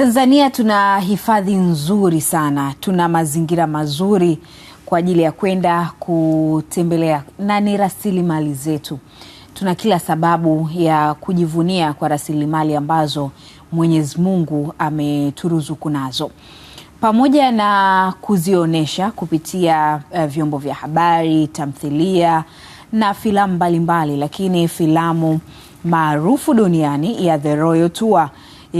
Tanzania tuna hifadhi nzuri sana, tuna mazingira mazuri kwa ajili ya kwenda kutembelea na ni rasilimali zetu. Tuna kila sababu ya kujivunia kwa rasilimali ambazo Mwenyezi Mungu ameturuzuku nazo, pamoja na kuzionyesha kupitia uh, vyombo vya habari, tamthilia na filamu mbalimbali, lakini filamu maarufu duniani ya The Royal Tour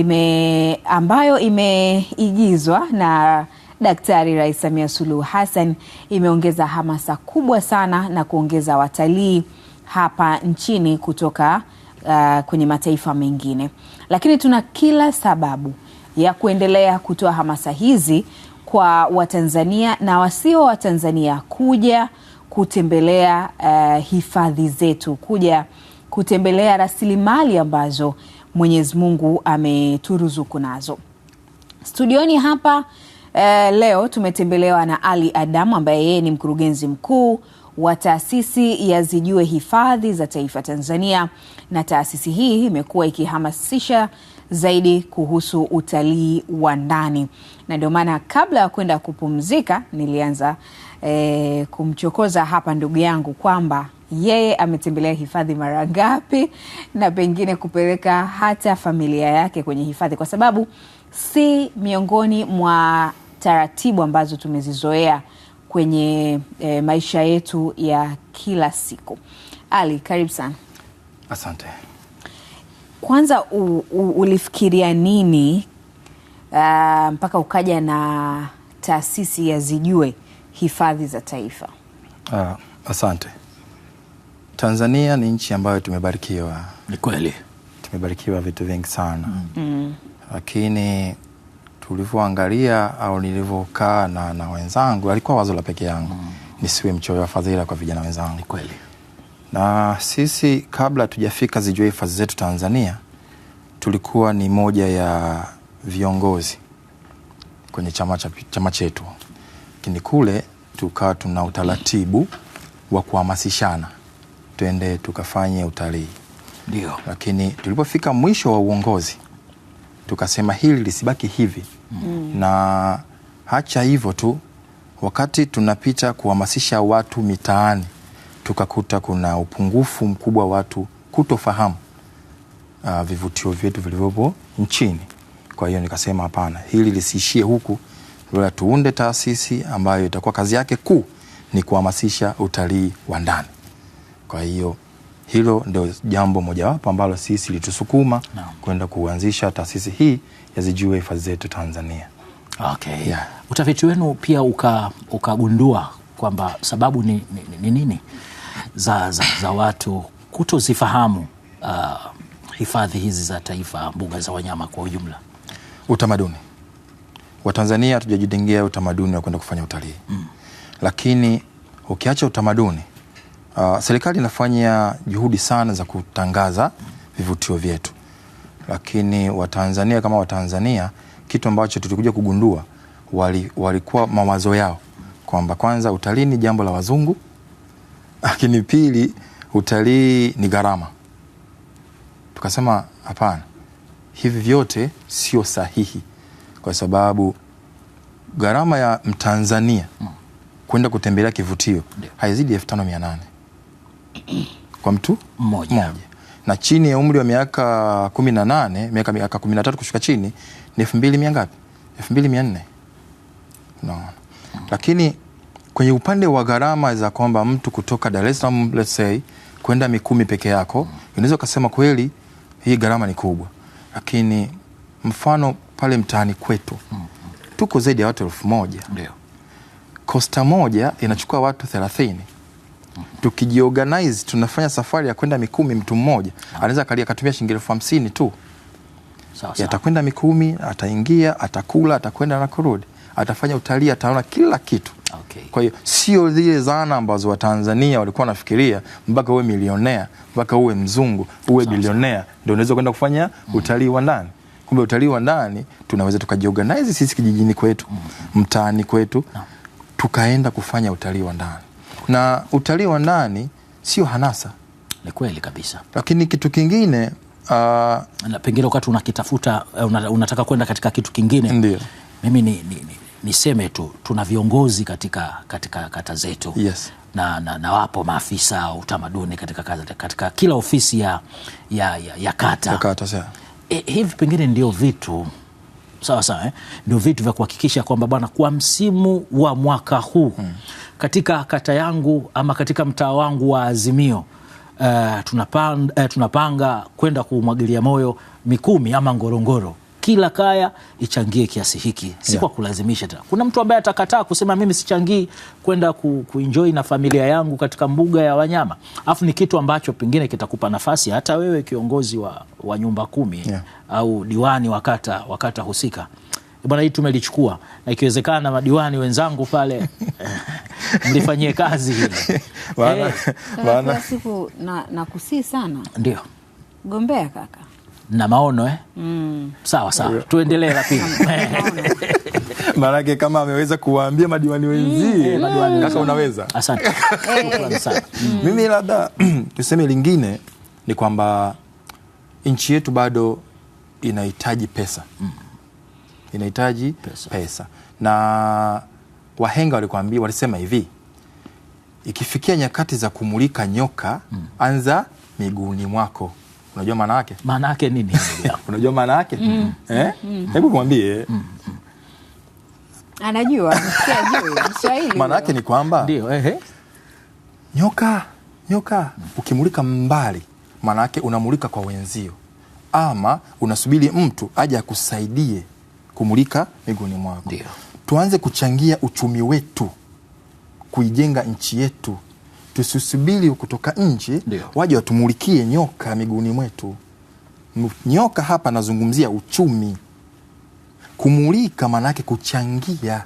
ime ambayo imeigizwa na Daktari Rais Samia Suluhu Hassan imeongeza hamasa kubwa sana na kuongeza watalii hapa nchini kutoka uh, kwenye mataifa mengine, lakini tuna kila sababu ya kuendelea kutoa hamasa hizi kwa Watanzania na wasio Watanzania kuja kutembelea uh, hifadhi zetu, kuja kutembelea rasilimali ambazo Mwenyezi Mungu ameturuzuku nazo. Studioni hapa eh, leo tumetembelewa na Ali Adamu ambaye yeye ni mkurugenzi mkuu wa taasisi ya Zijue Hifadhi za Taifa Tanzania, na taasisi hii imekuwa ikihamasisha zaidi kuhusu utalii wa ndani, na ndio maana kabla ya kwenda kupumzika nilianza eh, kumchokoza hapa ndugu yangu kwamba yeye ametembelea hifadhi mara ngapi, na pengine kupeleka hata familia yake kwenye hifadhi, kwa sababu si miongoni mwa taratibu ambazo tumezizoea kwenye e, maisha yetu ya kila siku. Ali, karibu sana. Asante. Kwanza u, u, ulifikiria nini uh, mpaka ukaja na taasisi ya Zijue Hifadhi za Taifa? Uh, asante. Tanzania ni nchi ambayo tumebarikiwa. Ni kweli. Tumebarikiwa vitu vingi sana. Mm. mm. Lakini tulivyoangalia au nilivyokaa na, na wenzangu alikuwa wazo la peke yangu. Mm. Nisiwe mchoyo wa fadhila kwa vijana wenzangu. Ni kweli. Na sisi kabla tujafika zijue hifadhi zetu Tanzania tulikuwa ni moja ya viongozi kwenye chama, chama chetu, lakini kule tukawa tuna utaratibu wa kuhamasishana tuende tukafanye utalii. Ndio. Lakini tulipofika mwisho wa uongozi tukasema hili lisibaki hivi mm. na hacha hivyo tu, wakati tunapita kuhamasisha watu mitaani tukakuta kuna upungufu mkubwa wa watu kutofahamu uh, vivutio vyetu vilivyopo nchini. Kwa hiyo nikasema hapana, hili lisiishie huku, bora tuunde taasisi ambayo itakuwa kazi yake kuu ni kuhamasisha utalii wa ndani. Kwa hiyo hilo ndio jambo mojawapo ambalo sisi litusukuma no. kwenda kuanzisha taasisi hii ya Zijue Hifadhi Zetu Tanzania. Okay. Yeah. Utafiti wenu pia ukagundua uka kwamba sababu ni, ni, ni nini za, za, za watu kutozifahamu uh, hifadhi hizi za taifa, mbuga za wanyama kwa ujumla? Utamaduni. Watanzania hatujajitengea utamaduni wa kwenda kufanya utalii mm. Lakini ukiacha utamaduni Uh, serikali inafanya juhudi sana za kutangaza vivutio vyetu, lakini Watanzania kama Watanzania, kitu ambacho tulikuja kugundua wali, walikuwa mawazo yao kwamba kwanza utalii ni jambo la wazungu, lakini pili utalii ni gharama. Tukasema hapana, hivi vyote sio sahihi, kwa sababu gharama ya Mtanzania kwenda kutembelea kivutio haizidi elfu tano mia nane. kwa mtu mmoja, mmoja. Na chini ya umri wa miaka 18, miaka miaka 13 kushuka chini ni 2000 mia ngapi? 2400. mbili mia no. Mm. Lakini kwenye upande wa gharama za kwamba mtu kutoka Dar es Salaam let's say kwenda Mikumi peke yako mm. unaweza ukasema kweli hii gharama ni kubwa, lakini mfano pale mtaani kwetu mm. tuko zaidi ya watu elfu moja. Ndio. Kosta moja inachukua watu thelathini tukijiorganize tunafanya safari ya kwenda Mikumi, mtu mmoja ah. anaweza kalia akatumia shilingi elfu hamsini tu, atakwenda Mikumi, ataingia, atakula, atakwenda na kurudi, atafanya utalii, ataona kila kitu. Okay. Kwa hiyo sio zile zana ambazo Watanzania walikuwa wanafikiria mpaka uwe milionea, mpaka uwe mzungu, uwe bilionea ndio unaweza kwenda kufanya mm. utalii wa ndani. Kumbe utalii wa ndani tunaweza tukajiorganize sisi kijijini kwetu, mm. mtaani kwetu, tukaenda kufanya utalii wa ndani na utalii wa ndani sio hanasa. Ni kweli kabisa. Lakini kitu kingine uh, na pengine wakati unakitafuta eh, unataka kwenda katika kitu kingine. ndio. Mimi ni, ni, ni, niseme tu tuna viongozi katika, katika kata zetu yes. Na, na, na wapo maafisa utamaduni katika, katika kila ofisi ya, ya, ya, ya kata, ya kata e, hivi pengine ndio vitu sawa sawa eh? Ndio vitu vya kuhakikisha kwamba bwana, kwa msimu wa mwaka huu hmm katika kata yangu ama katika mtaa wangu wa Azimio uh, eh, tunapanga, uh, eh, tunapanga kwenda kumwagilia moyo Mikumi ama Ngorongoro kila kaya ichangie kiasi hiki, si yeah, kwa kulazimisha tena. Kuna mtu ambaye atakataa kusema mimi sichangii kwenda ku, kuinjoi na familia yangu katika mbuga ya wanyama, alafu ni kitu ambacho pengine kitakupa nafasi hata wewe kiongozi wa, wa nyumba kumi yeah, au diwani wakata wakata husika bwana, hii tumelichukua na ikiwezekana madiwani wenzangu pale mlifanyie kazi hili. Eh. Kila siku kusii sana, ndio gombea kaka na maono eh? Mm. Sawa sawa, tuendelee rapidi maanake kama ameweza kuwaambia madiwani wenzie mm. Kaka mm. unaweza, asante eh. mm. mimi labda tuseme lingine ni kwamba nchi yetu bado inahitaji pesa mm inahitaji pesa. pesa na wahenga walikwambia, walisema hivi, ikifikia nyakati za kumulika nyoka mm. anza miguuni mwako. Unajua maana yake? Maana yake nini? Unajua maana yake? mm. eh? mm. hebu mwambie mm. Anajua maana yake ni kwamba ndio, ehe, nyoka nyoka, hmm. ukimulika mbali, maana yake unamulika kwa wenzio, ama unasubiri mtu aje akusaidie kumulika miguuni mwako. Dio. Tuanze kuchangia uchumi wetu kuijenga nchi yetu, tusisubiri kutoka nje waje watumulikie nyoka miguuni mwetu. Nyoka hapa nazungumzia uchumi. Kumulika maana yake kuchangia,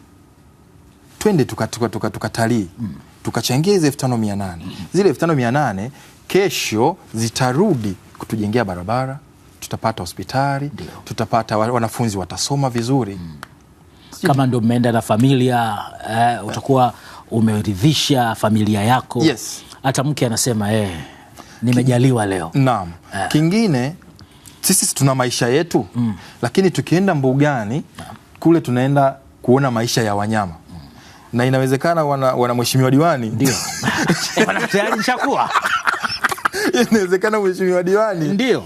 twende tukatalii tuka, tuka, tuka mm. tukachangia hizi elfu tano mia nane mm. zile elfu tano mia nane kesho zitarudi kutujengea barabara tutapata hospitali, tutapata wanafunzi watasoma vizuri mm. Kama ndio mmeenda na familia eh, utakuwa umeridhisha familia yako yes. Hata mke anasema eh, nimejaliwa leo. Naam eh. Kingine sisi tuna maisha yetu mm. Lakini tukienda mbugani Naam. Kule tunaenda kuona maisha ya wanyama mm. Na inawezekana wana, wana mheshimiwa diwani ndio eh, tayari inawezekana mheshimiwa diwani ndio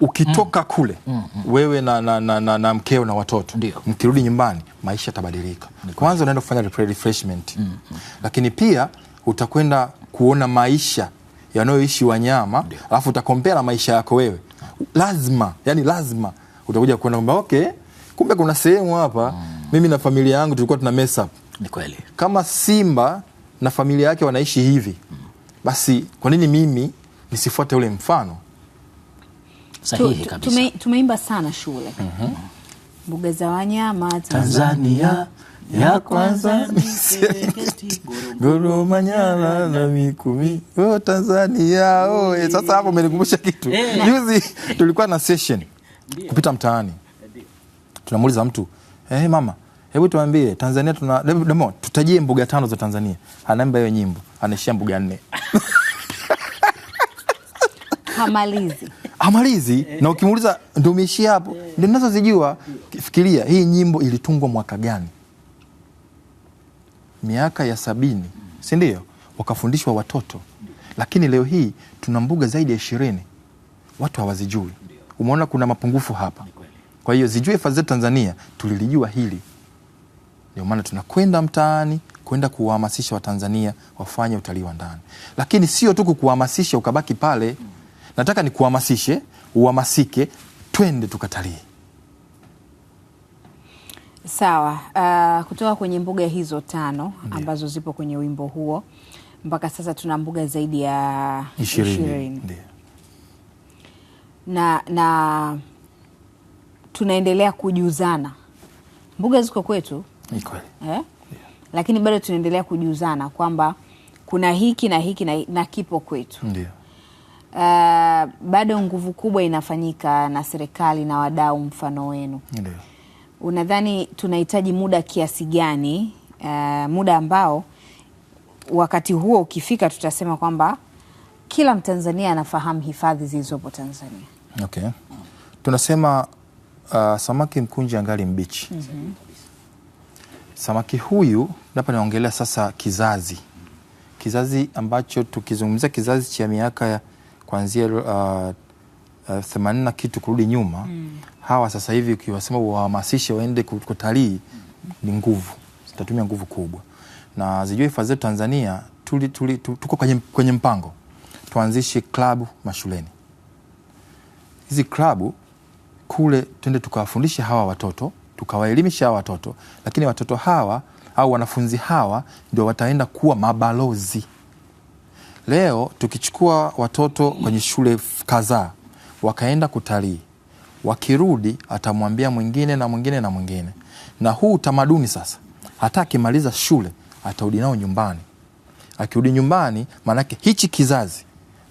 ukitoka mm. kule mm, mm. wewe na, na, na, na, na mkeo na watoto mkirudi nyumbani maisha yatabadilika. Kwanza unaenda kufanya refreshment mm, mm. lakini pia utakwenda kuona maisha yanayoishi wanyama, alafu utakompea maisha yako wewe, lazima yani lazima utakuja kuona kwamba okay, kumbe kuna sehemu hapa mm. mimi na familia yangu tulikuwa tuna mess up. Ni kweli kama simba na familia yake wanaishi hivi mm. basi kwa nini mimi nisifuate ule mfano? sahihi kabisa. Tume, tumeimba sana shule mhm. mbuga mm -hmm. za wanyama Tanzania ya kwanza Goro, Nyala na Mikumi. Oh, Tanzania oe! Oh, sasa hapo umenikumbusha kitu eh. juzi tulikuwa na session kupita mtaani, tunamuuliza mtu hey, eh, mama hebu tuambie Tanzania tuna demo, tutajie mbuga tano za Tanzania. Anaimba hiyo nyimbo, anaishia mbuga nne hamalizi amalizi na ukimuuliza ndio umeishia hapo, ndio ninazozijua. Fikiria hii nyimbo ilitungwa mwaka gani? Miaka ya sabini, si ndio? Wakafundishwa watoto, lakini leo hii tuna mbuga zaidi ya ishirini, watu hawazijui. Umeona kuna mapungufu hapa. Kwa hiyo zijue hifadhi zetu Tanzania, tulilijua hili, ndio maana tunakwenda mtaani kwenda kuwahamasisha Watanzania wafanye utalii wa ndani, lakini sio tu kukuhamasisha ukabaki pale nataka nikuhamasishe, uhamasike, twende tukatalii. Sawa. Uh, kutoka kwenye mbuga hizo tano ambazo zipo kwenye wimbo huo mpaka sasa tuna mbuga zaidi ya ishirini na, na tunaendelea kujuzana. Mbuga ziko kwetu eh? Lakini bado tunaendelea kujuzana kwamba kuna hiki na hiki na, na kipo kwetu. Ndiyo uh, bado nguvu kubwa inafanyika na serikali na wadau mfano wenu. Ndiyo. Unadhani tunahitaji muda kiasi gani, uh, muda ambao wakati huo ukifika tutasema kwamba kila Mtanzania anafahamu hifadhi zilizopo Tanzania? Okay. Tunasema uh, samaki mkunje angali mbichi. mm -hmm. Samaki huyu napa naongelea sasa kizazi kizazi ambacho tukizungumzia kizazi cha miaka ya kuanzia uh, uh, themanini na kitu kurudi nyuma mm. hawa sasa hivi ukiwasema wahamasishe waende kutalii ni nguvu, tutatumia nguvu kubwa, na zijua hifadhi zetu Tanzania tuli, tuli, tuli, tuko kwenye, kwenye mpango tuanzishe klabu mashuleni, hizi klabu kule tuende tukawafundishe hawa watoto tukawaelimisha hawa watoto, lakini watoto hawa au wanafunzi hawa ndio wataenda kuwa mabalozi. Leo tukichukua watoto kwenye shule kadhaa wakaenda kutalii, wakirudi atamwambia mwingine na mwingine na mwingine, na huu utamaduni sasa, hata akimaliza shule atarudi nao nyumbani. Akirudi nyumbani, maanake hichi kizazi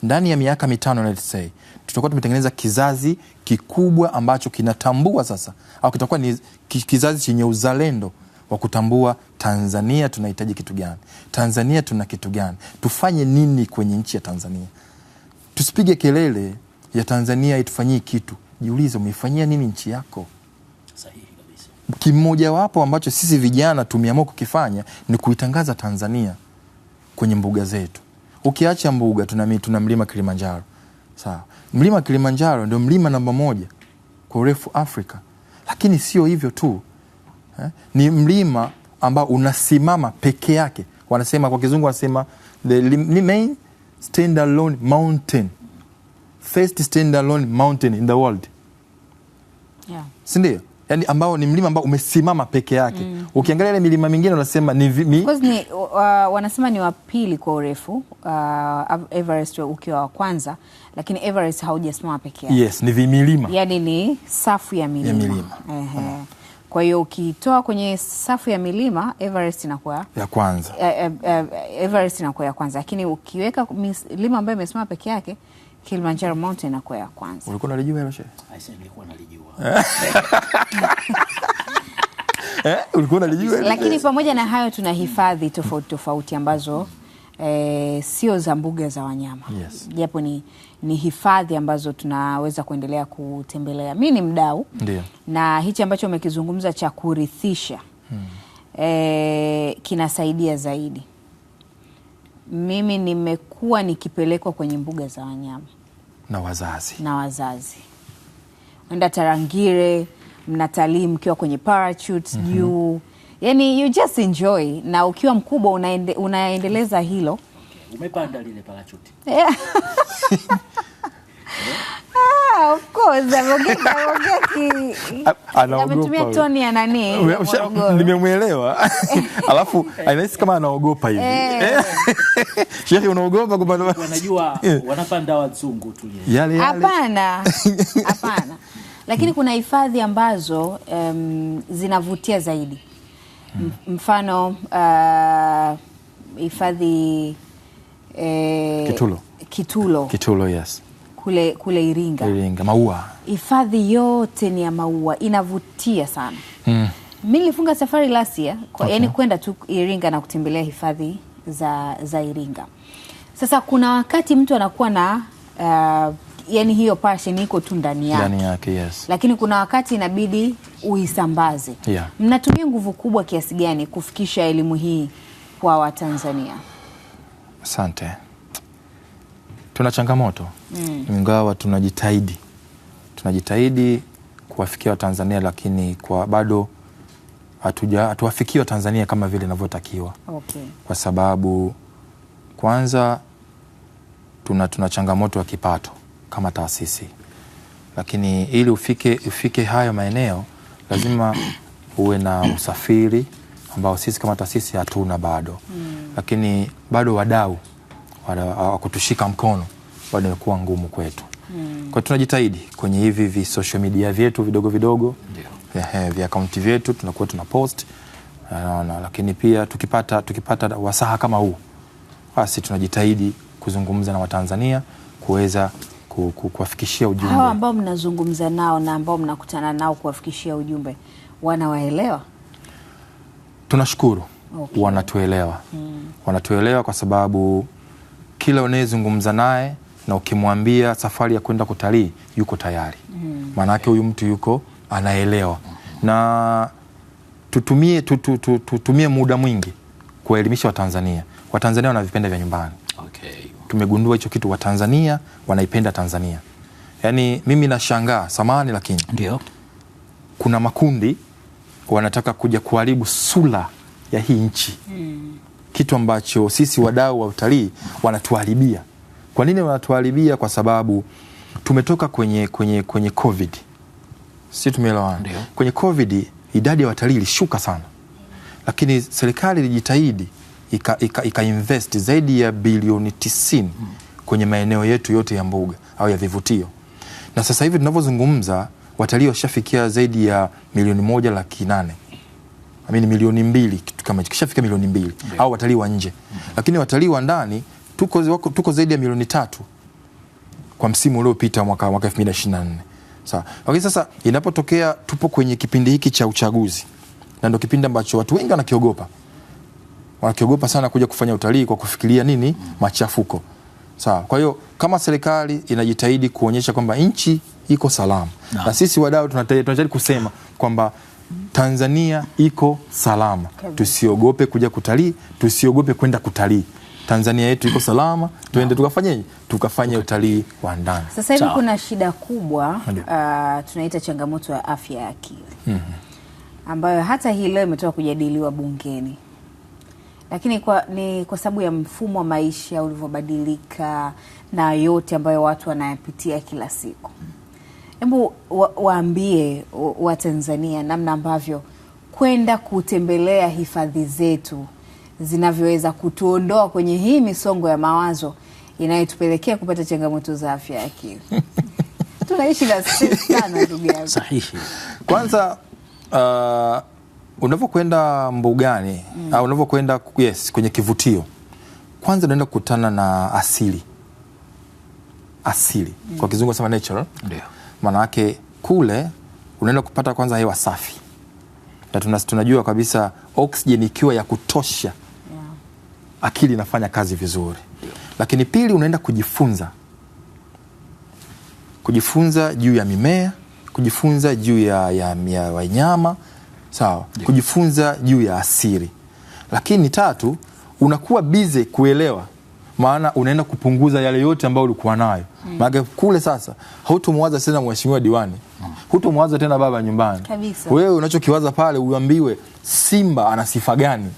ndani ya miaka mitano let's say tutakuwa tumetengeneza kizazi kikubwa ambacho kinatambua sasa, au kitakuwa ni kizazi chenye uzalendo wa kutambua Tanzania tunahitaji kitu gani, Tanzania tuna kitu gani, tufanye nini kwenye nchi ya Tanzania. Tusipige kelele ya Tanzania itufanyie kitu. Jiulize, umeifanyia nini nchi yako? Sahihi kabisa. Kimojawapo ambacho sisi vijana tumeamua kukifanya ni kuitangaza Tanzania kwenye mbuga zetu. Ukiacha mbuga, tuna, tuna mlima Kilimanjaro. Sawa, mlima Kilimanjaro ndio mlima namba moja kwa urefu Afrika, lakini sio hivyo tu Eh? ni mlima ambao unasimama peke yake, wanasema kwa kizungu wanasema the main standalone mountain, first standalone mountain in the world yeah. Sindio? Yani ambao ni mlima ambao umesimama peke yake mm. Ukiangalia ile milima mingine unasema ni, mi... ni uh, wanasema ni wa pili kwa urefu uh, Everest ukiwa wa kwanza, lakini Everest haujasimama peke yake. Yes, ni vimilima, yani ni safu ya milima, ya milima. Kwa hiyo ukitoa kwenye safu ya milima Everest inakuwa ya kwanza, Uh, uh, Everest inakuwa ya kwanza, lakini ukiweka milima ambayo imesimama peke yake Kilimanjaro Mountain inakuwa ya kwanza. Ulikuwa unalijua hilo shehe? Nilikuwa nalijua. Eh, ulikuwa unalijua. Lakini pamoja na hayo tuna hifadhi tofauti tofauti ambazo e, sio za mbuga za wanyama yes. Japo ni, ni hifadhi ambazo tunaweza kuendelea kutembelea. Mi ni mdau na hichi ambacho umekizungumza cha kurithisha hmm. e, kinasaidia zaidi. Mimi nimekuwa nikipelekwa kwenye mbuga za wanyama na wazazi na wazazi enda Tarangire, mnatalii mkiwa kwenye mhm. juu mm -hmm yani you just enjoy na ukiwa mkubwa unaende, unaendeleza hilo okay. Umepanda lile parachuti yeah. Ah, of course ametumia toni ya nani, nimemwelewa. Alafu anahisi kama anaogopa hivi. Eh. Eh. Sheikh, unaogopa kupanda? Wanajua wanapanda wazungu tu yale yale. Hapana, hapana, lakini kuna hifadhi ambazo um, zinavutia zaidi mfano uh, hifadhi uh, eh, Kitulo, Kitulo. Kitulo yes. Kule, kule Iringa, Iringa maua, hifadhi yote ni ya maua, inavutia sana mm. Mimi nilifunga safari last year kwa okay. Yani kwenda tu Iringa na kutembelea hifadhi za, za Iringa. Sasa kuna wakati mtu anakuwa na uh, yani hiyo passion iko tu ndani yake. Ndani yake, yes. Lakini kuna wakati inabidi uisambaze. Yeah. Mnatumia nguvu kubwa kiasi gani kufikisha elimu hii kwa Watanzania? Asante. Tuna changamoto mm. Ingawa tunajitahidi tunajitahidi kuwafikia Watanzania, lakini kwa bado hatuwafikii Watanzania kama vile inavyotakiwa. Okay. Kwa sababu kwanza tuna, tuna changamoto ya kipato kama taasisi, lakini ili ufike, ufike hayo maeneo lazima uwe na usafiri ambao sisi kama taasisi hatuna bado mm. Lakini bado wadau wakutushika mkono bado imekuwa ngumu kwetu mm. Kwa tunajitahidi kwenye hivi vi social media vyetu vidogo vidogo yeah, vya akaunti vyetu tunakuwa tuna post no, no, lakini pia tukipata, tukipata wasaha kama huu basi tunajitahidi kuzungumza na Watanzania kuweza kuwafikishia ku, ujumbe? Hawa ambao mnazungumza nao na ambao mnakutana nao kuwafikishia ujumbe wanawaelewa? Tunashukuru okay. Wanatuelewa Hmm. Wanatuelewa kwa sababu kila unayezungumza naye na ukimwambia safari ya kwenda kutalii yuko tayari maana hmm. Maanake huyu mtu yuko anaelewa na tutumie, tutumie muda mwingi kuwaelimisha Watanzania. Watanzania wana vipenda vya nyumbani tumegundua hicho kitu. Watanzania wanaipenda Tanzania. Yaani mimi nashangaa, samahani, lakini ndio kuna makundi wanataka kuja kuharibu sura ya hii nchi mm. kitu ambacho sisi wadau wa utalii wanatuharibia. Kwa nini wanatuharibia? Kwa sababu tumetoka kwenye, kwenye, kwenye COVID, si tumeelewana? Kwenye COVID idadi ya watalii ilishuka sana, lakini serikali ilijitahidi ikainvest ika, ika zaidi ya bilioni tisini mm. kwenye maeneo yetu yote ya mbuga au ya vivutio, na sasa hivi tunavyozungumza watalii washafikia zaidi ya milioni moja laki nane amini milioni mbili kitu kama hicho, kishafika milioni mbili yeah. au watalii wa nje mm -hmm. lakini watalii wa ndani tuko, tuko zaidi ya milioni tatu kwa msimu uliopita mwaka, mwaka nne sawa. Lakini sasa inapotokea tupo kwenye kipindi hiki cha uchaguzi, na ndo kipindi ambacho watu wengi wanakiogopa wanakiogopa sana kuja kufanya utalii kwa kufikiria nini machafuko. Sawa. Kwa hiyo kama serikali inajitahidi kuonyesha kwamba nchi iko salama na, na sisi wadau tunajaribu kusema kwamba Tanzania iko salama, tusiogope kuja kutalii, tusiogope kwenda kutalii. Tanzania yetu iko salama, tuende tukafanye tukafanye utalii wa ndani. Sasa hivi kuna shida kubwa uh, tunaita changamoto ya afya ya akili mm -hmm. ambayo hata hii leo imetoka kujadiliwa bungeni lakini kwa, ni kwa sababu ya mfumo wa maisha ulivyobadilika na yote ambayo watu wanayapitia kila siku. Hebu wa, waambie Watanzania namna ambavyo kwenda kutembelea hifadhi zetu zinavyoweza kutuondoa kwenye hii misongo ya mawazo inayotupelekea kupata changamoto za afya ya akili. Tunaishi na stress sana ndugu yangu. Sahihi. Kwanza uh, Unavyokwenda mbugani mm. au unavyokwenda yes, kwenye kivutio, kwanza unaenda kukutana na asili asili mm. kwa kizungu sema natural yeah. maana yake kule unaenda kupata kwanza hewa safi na tunajua kabisa oksijeni ikiwa ya kutosha yeah. akili inafanya kazi vizuri yeah. Lakini pili unaenda kujifunza kujifunza juu ya mimea, kujifunza juu ya, ya, ya wanyama sawa, yeah. kujifunza juu ya asiri Lakini tatu, unakuwa bize kuelewa, maana unaenda kupunguza yale yote ambayo ulikuwa nayo mm. maana kule sasa hautomwaza tena mheshimiwa diwani mm. hutomwaza tena baba nyumbani Wewe unachokiwaza pale, uambiwe Simba ana sifa gani?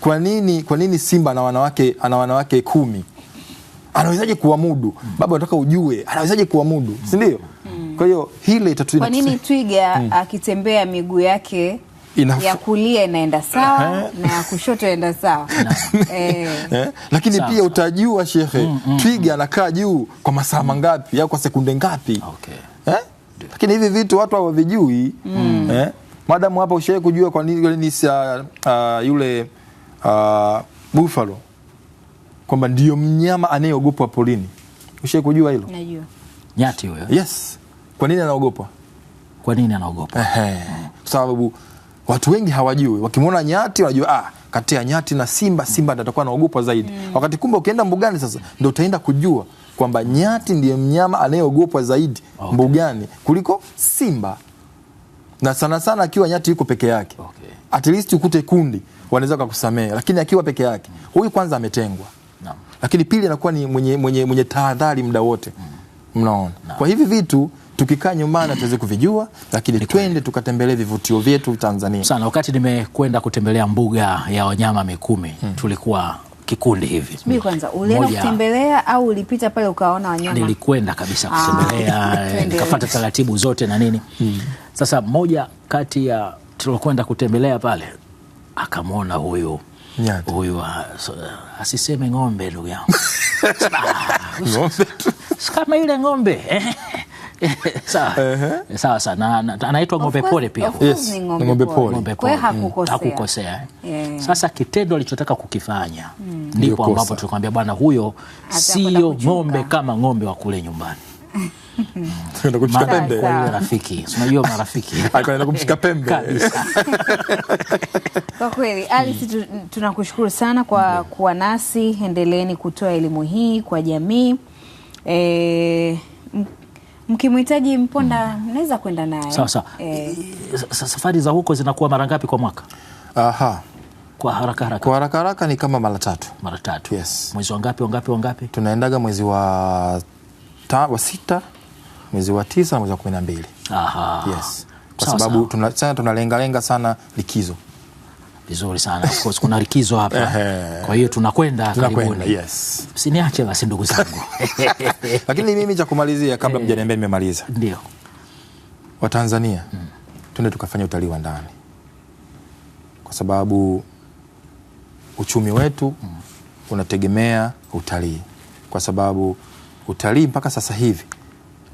Kwa nini, kwa nini Simba ana wanawake, ana wanawake kumi? Anawezaje kuwamudu? mm. Baba, nataka ujue anawezaje kuwamudu, si ndio? mm. Mm. Kwa hiyo hile itatuina. Kwa nini twiga mm. akitembea miguu yake Inaf... ya kulia inaenda sawa na ya kushoto inaenda sawa e. eh? Lakini sawa, pia utajua shehe mm, mm, twiga mm. anakaa juu kwa masaa mm. mangapi au kwa sekunde ngapi? okay. eh? Lakini hivi vitu watu hawavijui mm. eh? Madamu hapa ushawahi kujua kwa nini uh, yule uh, buffalo kwamba ndiyo mnyama anayeogopwa polini? Ushawahi kujua hilo? Najua. Nyati huyo. Yes. Kwa nini anaogopa? Kwa nini anaogopa? Kwa sababu watu wengi hawajui, wakimwona nyati wanajua ah, kati ya nyati na simba, simba atakuwa anaogopa zaidi mm. Wakati kumbe ukienda mbugani sasa ndio utaenda kujua kwamba nyati ndiye mnyama anayeogopwa zaidi okay. mbugani kuliko simba, na sana sana akiwa nyati yuko peke yake okay. At least ukute kundi wanaweza kukusamea, lakini akiwa peke yake huyu kwanza ametengwa no. Lakini pili anakuwa ni mwenye, mwenye, mwenye tahadhari muda wote mm. mnaona no. Kwa hivi vitu tukikaa nyumbani tuweze kuvijua, lakini twende tukatembelee vivutio vyetu Tanzania sana. Wakati nimekwenda kutembelea mbuga ya wanyama Mikumi hmm. tulikuwa kikundi hivi. Mimi kwanza ulienda kutembelea au ulipita pale ukaona wanyama? Nilikwenda kabisa ah, kutembelea, nikafuata taratibu zote na nini hmm. Sasa moja kati ya tulokwenda kutembelea pale akamwona huyu Nyati. Huyu ah, asiseme ng'ombe, ndugu yangu kama ile ng'ombe eh sawa sawa sana, anaitwa ng'ombe pole pia, ng'ombe pole, mm. hakukosea. Sasa kitendo alichotaka kukifanya mm. ndipo ambapo tulikwambia bwana, huyo sio ng'ombe kama ng'ombe wa kule nyumbani rafiki marafiki pembe Kwa kweli Alice, tunakushukuru sana kwa mm. kuwa nasi, endeleeni kutoa elimu hii kwa jamii e, mkimhitaji Mponda mm. mnaweza kwenda naye. Sawa sawa. E, safari za huko zinakuwa mara ngapi kwa mwaka? Aha. Kwa haraka haraka. Kwa haraka haraka ni kama mara tatu. Mara tatu. Yes. Mwezi wa ngapi, wa ngapi, wa ngapi? Tunaendaga mwezi wa ta, wa sita, mwezi wa tisa na mwezi wa kumi na mbili. Aha. Yes. Kwa sababu tunalengalenga tuna sana likizo. Vizuri sana of course, kuna likizo hapa kwa hiyo tunakwenda karibuni. Yes. Siniache basi ndugu zangu lakini mimi cha kumalizia kabla eh. mjaniambia nimemaliza, ndio Watanzania hmm. twende tukafanya utalii wa ndani kwa sababu uchumi wetu hmm. unategemea utalii, kwa sababu utalii mpaka sasa hivi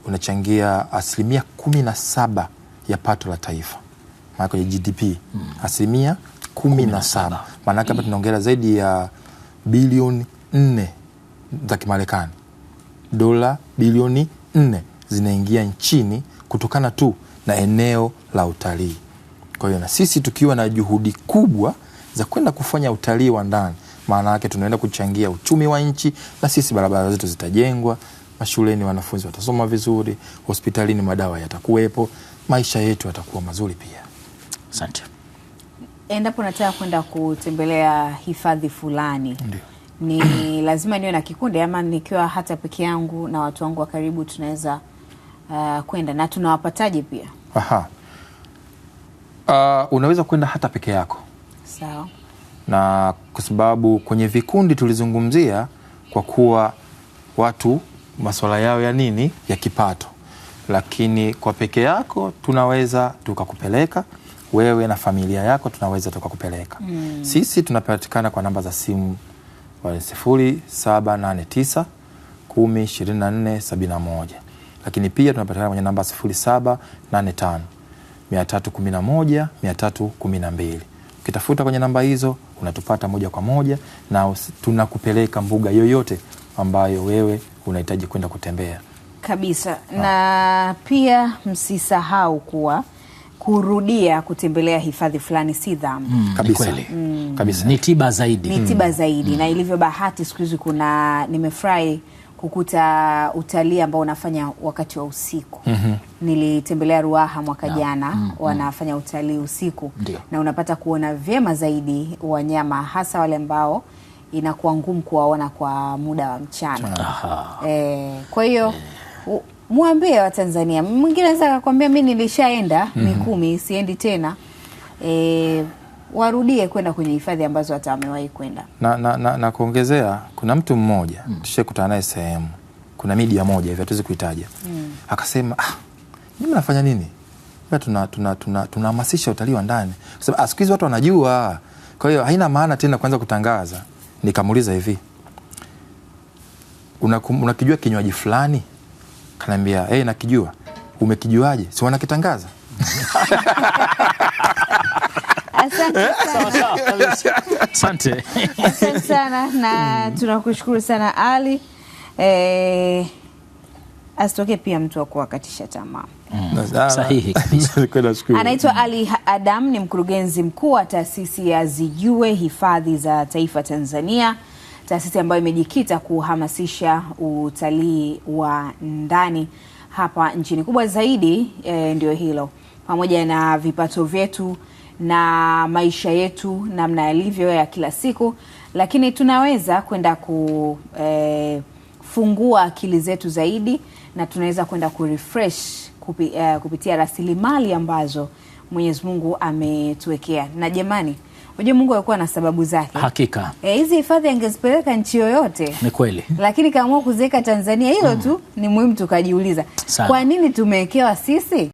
unachangia asilimia kumi na saba ya pato la taifa maana kwenye GDP hmm. asilimia kumi na saba maanake hapa tunaongera zaidi ya bilioni nne za Kimarekani, dola bilioni nne zinaingia nchini kutokana tu na eneo la utalii. Kwa hiyo na sisi tukiwa na juhudi kubwa za kwenda kufanya utalii wa ndani, maana yake tunaenda kuchangia uchumi wa nchi, na sisi barabara zetu zitajengwa, mashuleni wanafunzi watasoma vizuri, hospitalini madawa yatakuwepo, maisha yetu yatakuwa mazuri pia. Asante endapo nataka kwenda kutembelea hifadhi fulani Ndiyo. ni lazima niwe na kikundi ama nikiwa hata peke yangu na watu wangu wa karibu tunaweza uh, kwenda na tunawapataje pia? Aha. Uh, unaweza kwenda hata peke yako sawa, na kwa sababu kwenye vikundi tulizungumzia kwa kuwa watu masuala yao ya nini ya kipato, lakini kwa peke yako tunaweza tukakupeleka wewe na familia yako tunaweza tukakupeleka. mm. Sisi tunapatikana kwa namba za simu eh, sifuri saba nane tisa kumi ishirini na nne sabini na moja lakini pia tunapatikana kwenye namba sifuri saba nane tano mia tatu kumi na moja mia tatu kumi na mbili ukitafuta kwenye namba hizo unatupata moja kwa moja na tunakupeleka mbuga yoyote ambayo wewe unahitaji kwenda kutembea kabisa na, na pia msisahau kuwa kurudia kutembelea hifadhi fulani si dhambi mm, kabisa. Mm. Kabisa. Ni tiba zaidi, hmm. ni tiba zaidi mm. Na ilivyo bahati siku hizi kuna nimefurahi kukuta utalii ambao unafanya wakati wa usiku mm -hmm. Nilitembelea Ruaha mwaka jana mm -hmm. Wanafanya utalii usiku Dio. Na unapata kuona vyema zaidi wanyama hasa wale ambao inakuwa ngumu kuwaona kwa muda wa mchana e, kwa hiyo eh mwambie Watanzania. Mwingine anaweza akakwambia mi nilishaenda mm -hmm. siendi tena e, warudie kwenda kwenye hifadhi ambazo hata wamewahi kwenda na, na, na, na kuongezea, kuna mtu mmoja mm. tushakutana naye sehemu, kuna media moja hivi hatuwezi kuitaja mm. akasema ah, mimi nafanya nini tunahamasisha tuna, tuna, tuna, tuna utalii wa ndani ah, siku hizi watu wanajua, kwa hiyo haina maana tena kuanza kutangaza. Nikamuuliza hivi, unakijua una kinywaji fulani kanaambia hey, nakijua. Umekijuaje? si wanakitangaza Asante eh? sana na mm. tunakushukuru sana Ali. Eh, asitokee pia mtu wa kuwakatisha tamaa. Mm, ah, Anaitwa Ali Adam, ni mkurugenzi mkuu wa taasisi ya Zijue Hifadhi za Taifa Tanzania taasisi ambayo imejikita kuhamasisha utalii wa ndani hapa nchini. Kubwa zaidi e, ndio hilo, pamoja na vipato vyetu na maisha yetu namna yalivyo ya kila siku, lakini tunaweza kwenda kufungua eh, e, akili zetu zaidi na tunaweza kwenda kurefresh kupi, uh, kupitia rasilimali ambazo Mwenyezi Mungu ametuwekea na jamani Unajua Mungu alikuwa na sababu zake. Hakika. Eh, hizi hifadhi angezipeleka nchi yoyote. Ni kweli. Lakini kaamua kuziweka Tanzania hilo mm. tu ni muhimu tukajiuliza. Kwa nini tumewekewa sisi?